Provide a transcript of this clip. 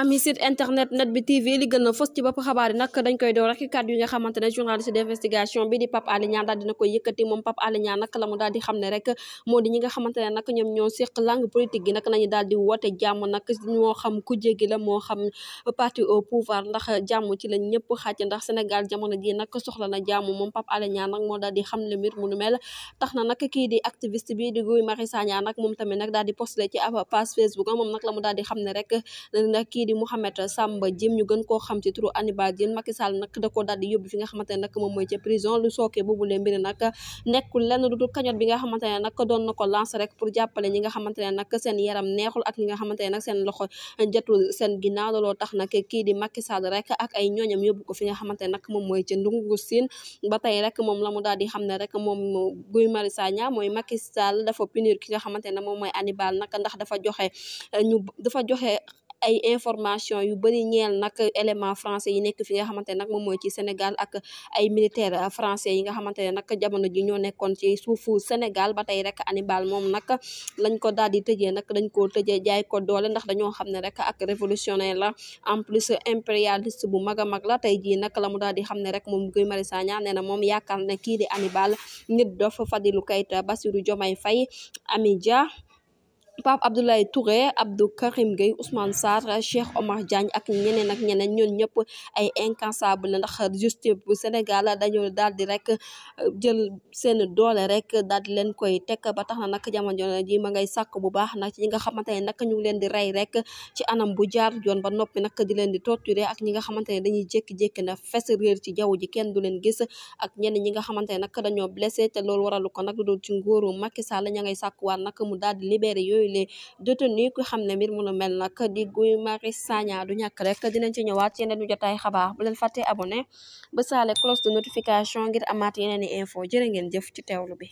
ami site internet net bi tv li gën a fës ci bopp xabaar yi nag dañ koy door rek kàddu yi nga xamante ne journaliste d'investigation bi di Pape Alé Niang daal la mu daal di xam ne rek moo di ñi nga xamante ne ñoom ñoo séq politique gi nag nañu daal di woote jàmm nag xam kujje gi xam parti au pouvoir ndax jàmm ci la ñëpp xàcc ndax Sénégal jamono ji nag soxla na jàmm moom Pape Alé Niang nag moo daal di xam le mbir mu nu mel tax na nag kii di di Mouhamed Samba Diène ñu gën koo xam ci turu Hannibal Diène Macky Sall nag da koo daal di yóbbu fi nga xamante ne nag moom mooy ca prison lu sookee boobulee mbiri nag nekkul lenn lu dul cagnotte bi nga xamante ne nag ko lancé nga xamante ne nag seen yaram neexul ak ñi nga xamante ne seen loxo jotul seen ginnaaw looloo tax nag kii di Macky rek ak ay ñooñam yóbbu ko fi nga xamante ne nag moom mooy ca ndungu ba tey rek moom la mu daal di xam ne rek moom Guy Marius Sagna mooy Macky Sall dafa punir ki nga xamante ne moom mooy Hannibal nag ndax dafa joxe ñu dafa joxe ay information yu bëri ñeel nag élément français yi nekk fi nga xamante ne nag moom mooy ci Sénégal ak ay militaire français yi nga xamante ne nag jamono ji ñoo nekkoon ci suufu Sénégal ba tey rek Hannibal moom nag lañ ko daal di tëjee nag dañ ko tëjee jaay ko doole ndax dañoo xam ne rek ak révolutionnaire la en plus impérialiste bu mag a mag la tey jii nak la mu daal di xam ne rek moom Guy Marius Sagna nee na moom yaakaar ne kii di Hannibal nit dof Fadilou Keita Bassirou Diomaye Faye Amy Dia Pape Abdoulaye Touré Abdou Karim Gueye Ousmane Sarr Cheikh Omar Diagne ak ñeneen ak ñeneen ñoon ñëpp ay incansable la ndax justice bu Sénégal dañoo daal di rek jël seen doole rek daal di leen koy teg ba tax na nag jamono ji ma ngay bu baax nag ci ñi nga xamante ne nag ñu leen di rey rek ci anam bu jaar joon ba noppi nag di leen di torturer ak ñi nga xamante ne dañuy jékki-jékki na fes réer ci jaww ji kenn du leen gis ak ñenn ñi nga xamante ne nag dañoo blessé te lool waralu ko nag lu dul ci nguuru Macky Sall ña ngay sàkkuwaat nag mu daal di libéré yooyu bile ni ku xam ne mbir mu nu mel nag di Guy Marius Sagna du ñàkk rek dinañ ci ñëwaat ci yeneen jotaay xabaar bu leen fàttee abonné ba saale cloche de notification ngir amaat yeneen i info jërë ngeen jëf ci teewlu bi